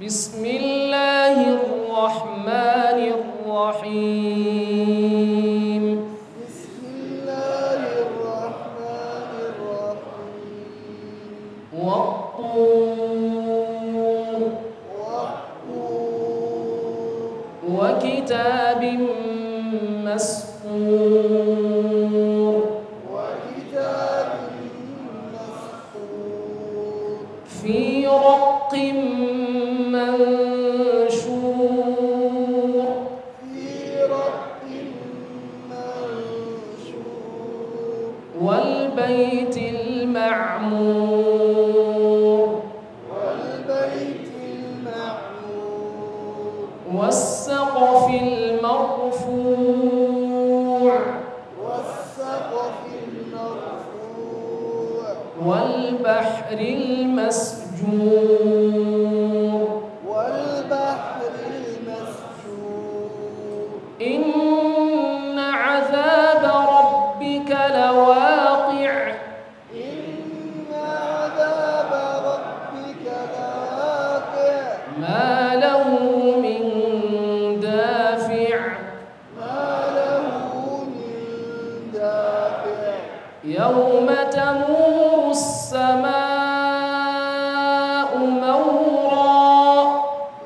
بسم الله الرحمن الرحيم بسم الله الرحمن الرحيم والطور والطور وكتاب مسكون يوم تمور السماء مورا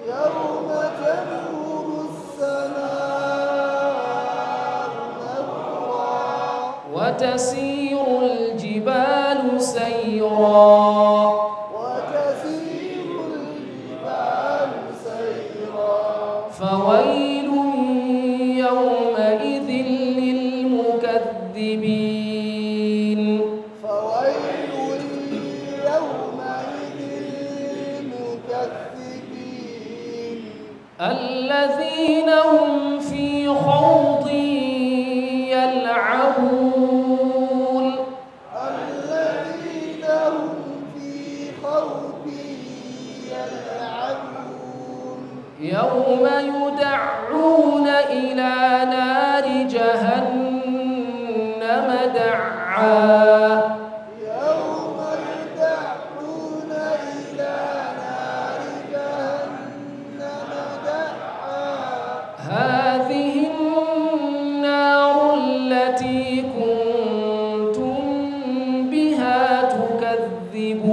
يوم تمور السماء مورا وتسير الجبال سيرا الذين هم في خوض يلعبون الذين هم في خوض يلعبون يوم يدعون إلى نار جهنم دعاً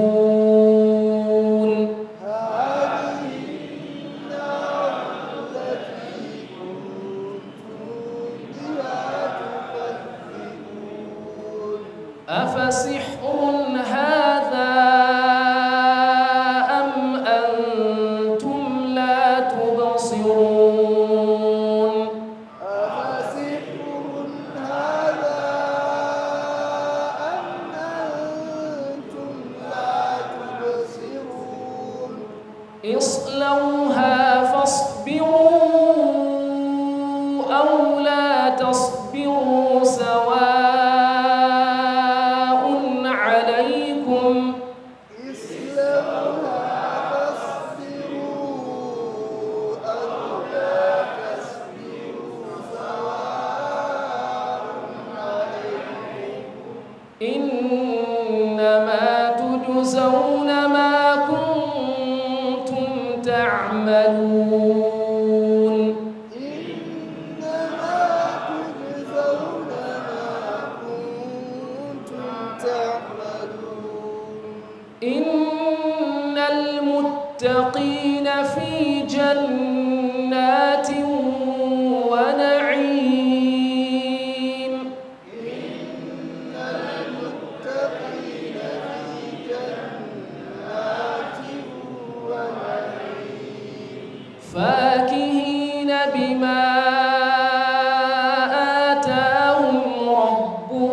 Senhor. ما كنتم تعملون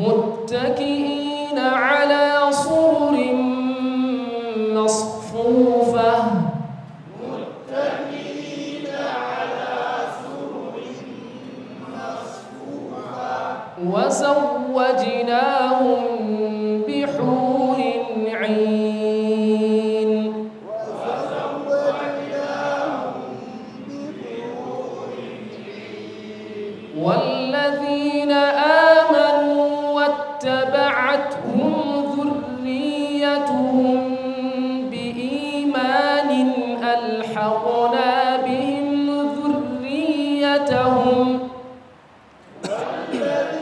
متكئين ألحقنا بهم ذريتهم آمنوا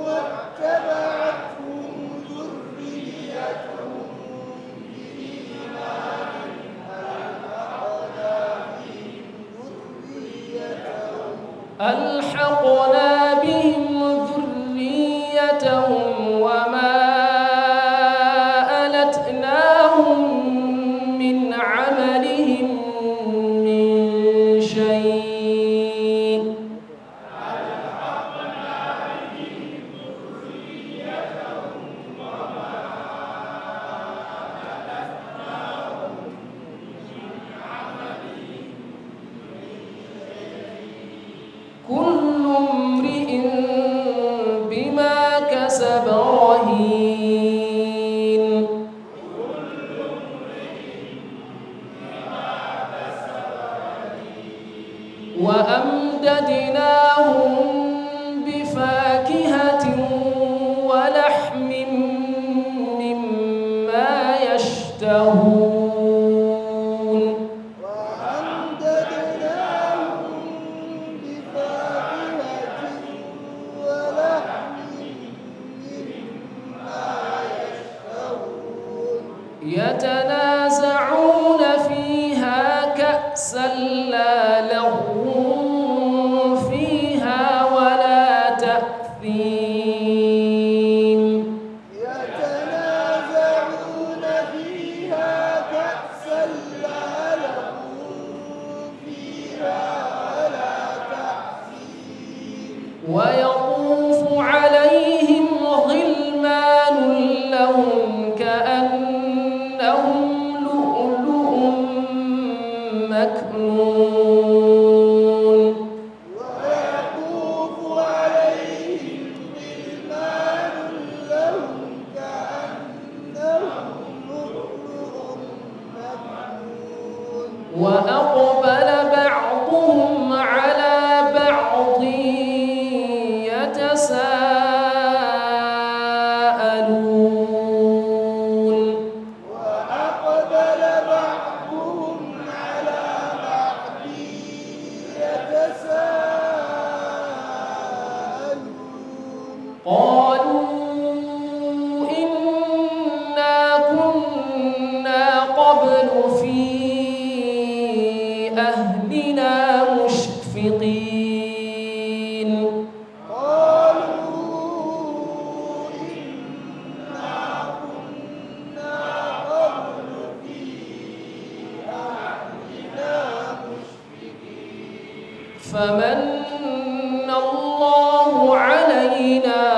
واتبعتهم ذريتهم ألحقنا وأمددناهم بفاكهة ولحم مما يشتهون work فمن الله علينا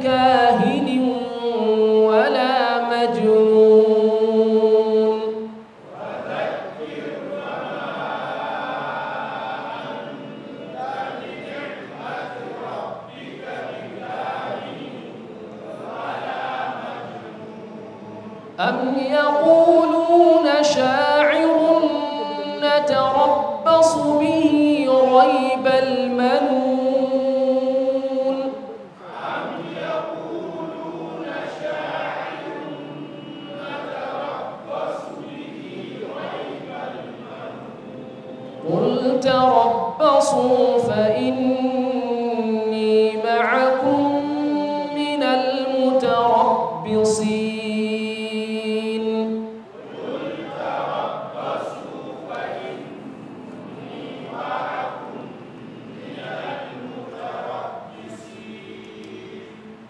بكاهن 소 어.